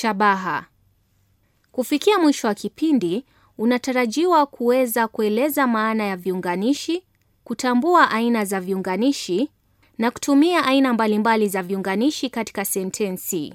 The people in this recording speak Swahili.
Shabaha. Kufikia mwisho wa kipindi, unatarajiwa kuweza kueleza maana ya viunganishi, kutambua aina za viunganishi na kutumia aina mbalimbali za viunganishi katika sentensi.